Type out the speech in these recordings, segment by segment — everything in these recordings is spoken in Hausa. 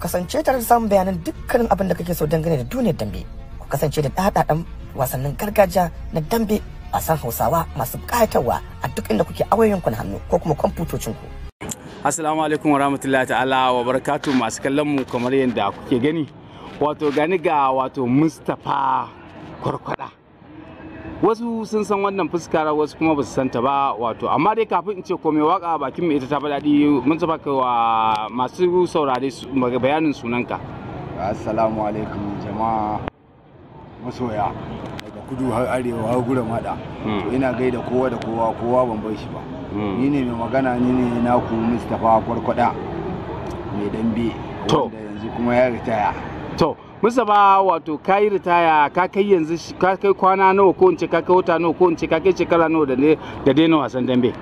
kasance tare da samun bayanan dukkanin abin da kake so dangane da duniyar dambe ku kasance da ɗaɗaɗan wasannin gargajiya na dambe a san hausawa masu ƙayatarwa a duk inda kuke awayoyinku na hannu ko kuma kwamfutocinku assalamu alaikum warahmatullahi ta'ala wa barakatu masu kallon mu kamar yadda kuke gani wato gani ga wato mustapha kwarkwada wasu sun san wannan fuskar wasu kuma ba su santa ba wato amma dai kafin in ce komai waka bakin mai ita ta faɗaɗi mun saba ka wa masu saurare bayanin sunanka assalamu alaikum jama'a masoya daga kudu har arewa har gura mada hmm. ina gaida kowa da kowa kowa ban bar shi ba hmm. ni ne mai magana ni ne naku mustapha kwarkwada mai dambe wanda yanzu kuma ya ritaya to Mustapha wato ka yi ritaya ka kai yanzu ka kai kwana nawa ko in ce ka kai wata nawa ko in ce ka kai shekara nawa da ne da daina wasan dambe.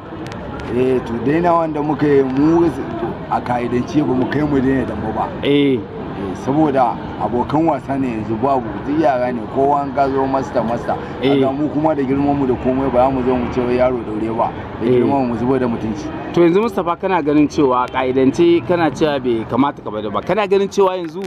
Eh to daina wanda muka yi mu a ka'idance ba mu kai mu daina dambe ba. Eh. eh saboda abokan wasa ne yanzu babu duk yara ne kowa an gazo masta masta eh. kaga mu kuma da girman mu da komai ba mu zo mu ce yaro daure ba da eh. girman mu zubo da mutunci to yanzu Mustapha kana ganin cewa kaidance kana cewa bai kamata ka bada ba kana ganin cewa yanzu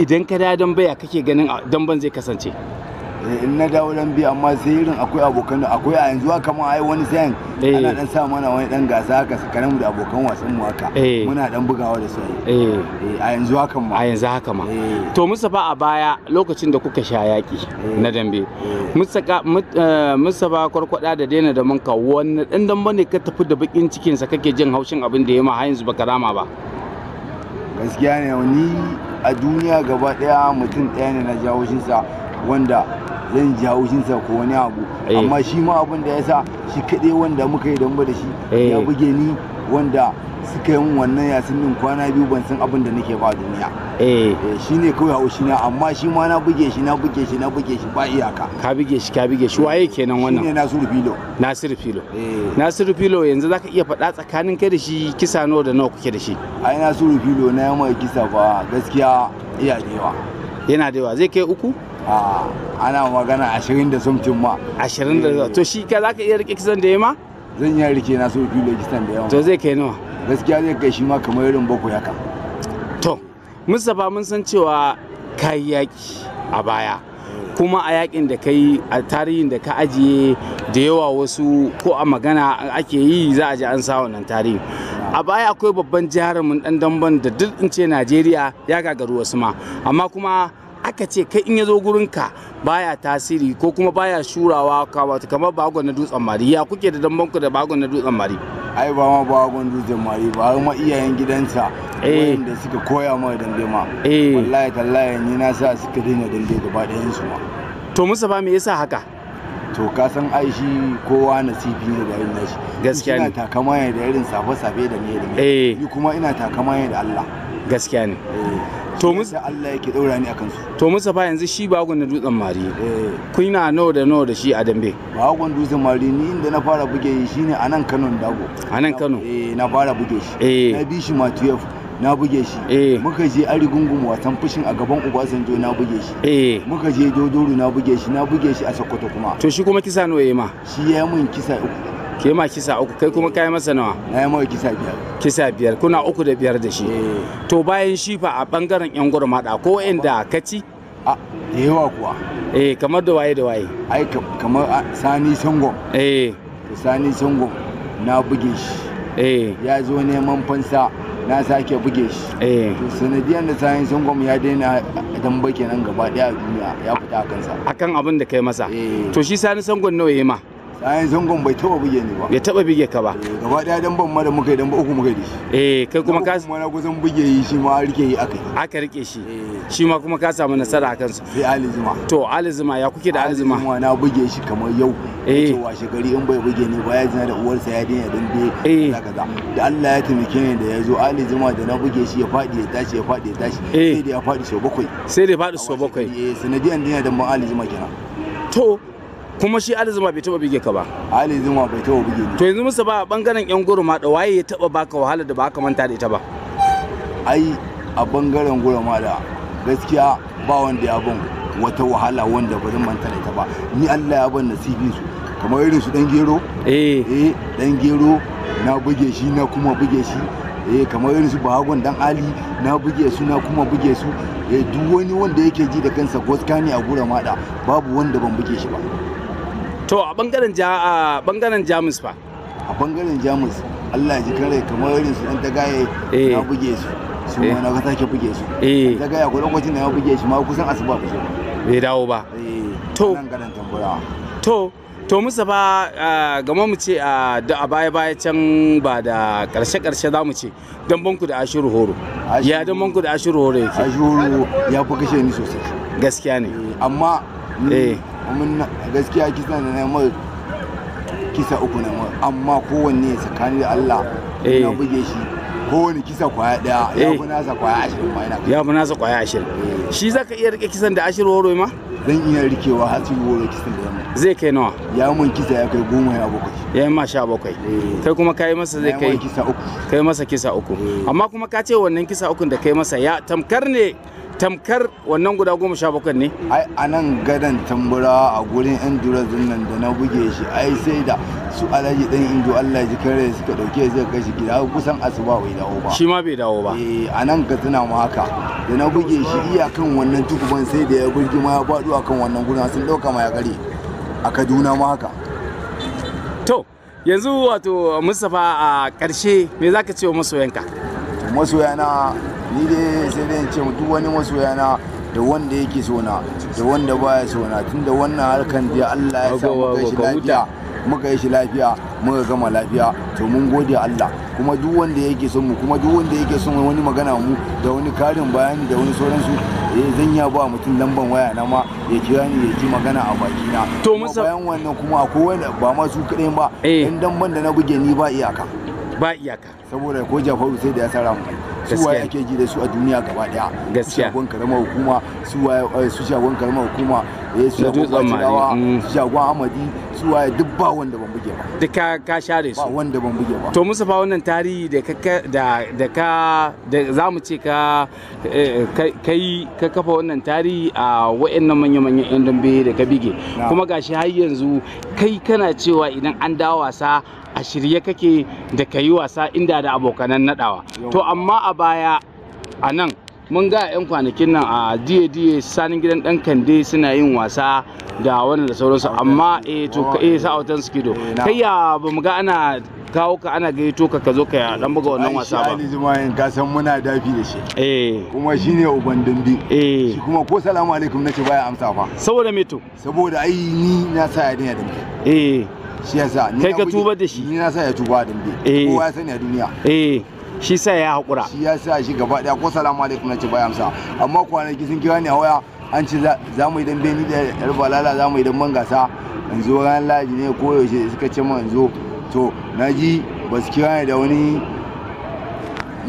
idan ka dawo dambe baya kake ganin ban zai kasance eh, in na dawo dambe amma sai irin akwai abokan da akwai a yanzu haka ma ai wani sayan eh. ana dan sa mana wani dan gasa haka mu da abokan wasan mu haka eh. muna dan bugawa da su a yanzu haka ma a yanzu haka ma to Mustapha a baya lokacin da kuka sha yaki na dambe Mustapha kwarkwada da daina da manka wani dan dambe ne ka tafi da bakin cikin sa kake jin haushin abin da ya ma har yanzu baka rama ba gaskiya ne ni a duniya gaba daya mutum daya ne na shinsa wanda zan ji haushinsa ko wani abu eh. amma shi ma abin da ya sa shi kaɗai wanda muka yi damba da shi ya eh. buge ni wanda suka yi wannan yasin din kwana biyu ban san abin da nake ba duniya eh, eh shi ne kawai haushi na amma shi ma na buge shi na buge shi na buge shi ba iyaka ka buge shi ka buge shi waye kenan wannan shine Nasiru Filo Nasiru Filo eh Nasiru Filo yanzu zaka iya faɗa tsakanin kai da shi kisa nawa da nawa kuke da shi ai Nasiru Filo na yamma kisa fa gaskiya iya dewa yana da yawa zai kai uku a ana magana ashirin da somtin ma ashirin da eh. to shi ka zaka iya rike kisan da yamma zan iya rike Nasiru Filo kisan da yamma to zai kai nawa gaskiya zai kai shi ma kamar irin boko ya to mustapha mun san cewa kayi yaki a baya kuma a yakin da ka a tarihin da ka ajiye da yawa wasu ko a magana ake yi za a ji an sa wannan tarihi a baya akwai babban jarumin dan damban da duk in ce najeriya ya gagaru wasu ma amma kuma aka ce kai in ya zo gurinka baya tasiri ko kuma baya shurawa kamar bagon na dutsen mari ya kuke da dambanku da bagon na dutsen mari ai ba ma ba dutse jamari ba har ma iyayen gidansa eh. da suka koya ma dambe ma eh. wallahi tallahi ni na sa suka dinga dambe gaba da su ma to musa ba me yasa haka to ka san shi kowa nasibi ne da irin nashi gaskiya ne ina takama ne da irin safe safe da me da me eh. ni kuma ina takama ne da Allah gaskiya ne to musu Allah yake daura ni akan su to musu fa yanzu shi bagon na dutsen mari eh. kuna nawa da nawa da shi a dambe bagon dutsen mari ni inda na fara buge shi ne a nan Kano dago a nan Kano eh na fara buge shi eh. na bi shi ma na buge shi eh. muka je arigungun wasan fushin a gaban Obasanjo na buge shi muka je Dodoro na buge shi na buge shi a Sokoto kuma to shi kuma kisa nawa yayi ma shi ya mun kisa uku ke ma kisa uku kai kuma kai masa nawa na yi mawa kisa biyar kisa biyar kuna uku da biyar da shi eh. to bayan shi fa a bangaren yan da ko inda ka ci a da yawa kuwa eh kamar da waye da waye ai kamar sani sango eh sani sango na buge shi eh ya zo neman fansa na sake buge shi eh. to sanadiyar da sani sango ya daina damba kenan gaba daya a duniya ya fita a kansa akan abin da kai masa eh. to shi sani sango nawa ya ma Tsayin zangon bai taba bige ni ba. Bai taba bige ka ba. Eh, gaba daya dan ban ma da muka yi dan ba uku muka yi da shi. Eh kai kuma ka kuma na kusan bige yi shi ma rike yi akai. Aka rike shi. Eh. Shi ma kuma ka samu nasara a kansu. Sai Ali Zuma. To Ali Zuma ya kuke da Ali Zuma? Ali na bige shi kamar yau. Eh. Cewa shekari in bai bige ni ba ya zina da uwarsa ya daina dan dai. Eh. Kaza. Da Allah ya taimake ni da ya zo Ali Zuma da na bige shi ya fadi ya tashi ya fadi ya tashi. Eh. Sai da ya fadi sau bakwai. Sai da ya fadi sau bakwai. Eh sanadiyan dina da ban Ali Zuma kenan. To kuma shi Ali Zuma bai taba bige ka ba Ali Zuma bai taba bige ni to yanzu musa ba bangaren yan ma da waye ya taba baka wahala da baka manta da ita ba ai a bangaren ma da gaskiya ba wanda ya ban wata wahala wanda ba zan manta da ita ba ni Allah ya ban nasibi su kamar irin su dan gero eh eh dan gero na buge shi na kuma buge shi eh kamar irin su bahagon dan ali na buge su na kuma buge su eh duk wani wanda yake ji da kansa gaskiya ne a gura mada babu wanda ban buge shi ba to a bangaren ja a bangaren jamus fa a bangaren jamus Allah ya ji kare kamar irin su ta gaye na eh. buge su su ma eh. na sake buge su eh. ta gaye ko lokacin da ya buge shi ma kusan asuba ku bai dawo ba to to to ba gama mu ce a baya baya can ba da karshe karshe za mu ce don banku da ashiru horo ya don banku da ashiru horo yake ashiru ya fi kashe ni sosai gaskiya ne amma mun gaskiya kisa da na kisa uku na amma kowanne tsakanin da Allah eh. na buge shi kowane kisa kwaya daya eh. ya fi nasa kwaya ashirin ma yana ya fi nasa kwaya ashirin shi za ka iya rike kisan da ashirin woro ma zan iya rikewa hatsi woro kisan da yamma zai kai nawa ya mun kisa ya kai goma ya bakwai ya yi ma sha bakwai eh. kai kuma kai masa zai kai kisa uku kai masa kisa uku amma kuma ka ce wannan kisa uku da kai masa ya tamkar ne tamkar wannan guda goma sha bakwai ne ai a nan gadon tambura a gurin yan durazin nan da na buge shi ai sai da su ɗin dan indo allah ji kare suka dauke zai kai shi gida kusan asuba bai dawo ba shi ma bai dawo ba eh a nan ka tuna mu haka da na buge shi iyakan wannan tukuban sai da ya burgi ma ya faɗo akan wannan gurin sun ɗauka ma ya kare a kaduna ma haka to yanzu wato mustapha a ƙarshe me zaka ce wa masoyanka masoyana ni dai sai dai ce duk wani masoyana da wanda yake sona da wanda baya sona tun da wannan harkan da Allah ya sa muka shi lafiya muka yi shi lafiya muka gama lafiya to mun gode Allah kuma duk wanda yake son mu kuma duk wanda yake son wani magana mu da wani karin bayani da wani sauransu eh zan ya ba mutum lamban waya na ma ya kira ni ya ji magana a baki na to bayan wannan kuma akwai wani ba ma su kadai ba eh. in dan ban da na buge ni ba iyaka ba iyaka saboda ko jafaru sai da ya sara mu su waye ake ji da su a duniya gaba daya gaskiya shagon karama hukuma su waye eh, su shagon karama hukuma eh su shagon Bacirawa mm. su shagon Amadi su duk ba wanda ban buge ba da ka share su ba wanda ban buge ba to musu fa wannan tarihi da ka da ka da zamu ce ka eh, kai ka kafa wannan tarihi a wayannan manyan manyan yan dambe da ka bige kuma gashi har yanzu kai kana cewa idan an dawo wasa a shirye kake da kayi wasa inda da abokanan nadawa to amma a baya a nan mun ga 'yan kwanakin nan a diye diye sanin gidan dan kande suna yin wasa da wannan da sauransu amma eh to eh autan su do eh, kai ya ba mu ga ana kawo ka ana gaito ka ka zo ka dan buga wannan wasa ba Ali Jumayin ka san muna dafi da shi eh kuma shine uban dambe eh shi kuma ko salamu alaikum nace baya amsa fa saboda me to saboda ai ni na sa ya dinga dambe eh shi yasa kai ka tuba da shi ni na sa ya tuba dambe eh. kowa ya sani a duniya eh shi sai ya haƙura shi ya sa shi gaba daya ko salamu alaikum na ce bai amsa amma kwanaki sun kira ni a waya an ci za mu yi dan beni da yar balala za mu yi dan man gasa in zo ran laji ne ko yaushe suka ce man zo to na ji ba su kira ni da wani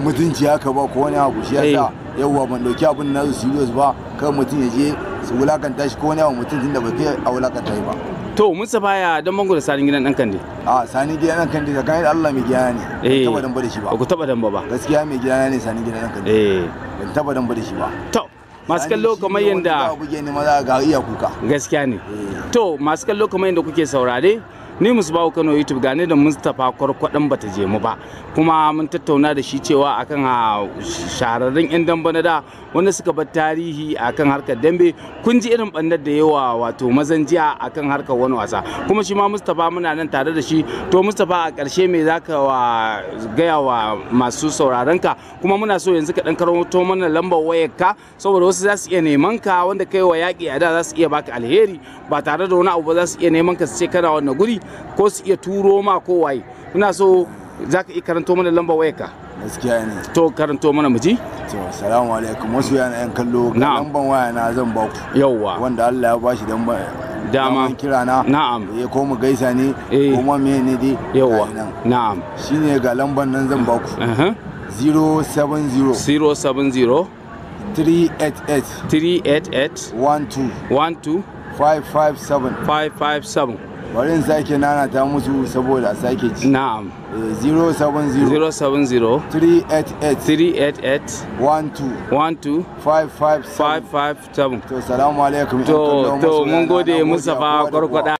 mutunci haka ba ko wani abu shi ya sa eh. yawwa ban ɗauki abin na su serious ba kan mutum ya je su wulakanta shi ko ne wa mutum tun da bai a wulakanta shi ba to Mustapha ya don bango da sani gidan ɗan kandi. a sani gidan ɗan kandi da kai Allah mai gidana ne ba eh. taba dan ba da shi ba ku taba dan ba gaskiya mai gidana ne sani gidan ɗan kandi. eh ban taba dan ba da shi ba to masu kallo kamar yadda ga iya kuka gaskiya ne eh. to masu kallo kamar yadda kuke saurare ni musbahu kano youtube gane da mustapha kwarkwadan bata je mu ba kuma mun tattauna da shi cewa akan ah, shahararrun yan dambe na da wanda suka bar tarihi akan harkar dambe kun ji irin bannar da yawa wato mazan jiya akan harkar wani wasa kuma shi ma mustapha muna nan tare da shi to mustapha a karshe me zaka wa ah, gaya wa masu sauraron ka kuma muna so yanzu ka dan karanto mana lambar wayar ka saboda wasu za su iya neman ka wanda kai wa yaƙi a da za su iya baka alheri ba tare da wani abu ba za su iya neman ka su ce kana wannan guri ko su iya turo ma ko waye Ina so za ka iya karanto mana lambar wayarka gaskiya ne to karanto mana muji to assalamu alaikum wasu yana yan kallo lambar waya na zan ba ku yawwa wanda Allah ya bashi dan dama kira na na'am eh ko mu gaisa ne eh. ko ma me ne dai yawwa na'am shine ga lambar nan zan ba ku 070 070 388 388 12 12 557 557 bari in sake nanata musu saboda a sake ci na'am 070 388 12. to salamu alaikum to mun gode mustapha kwarkwada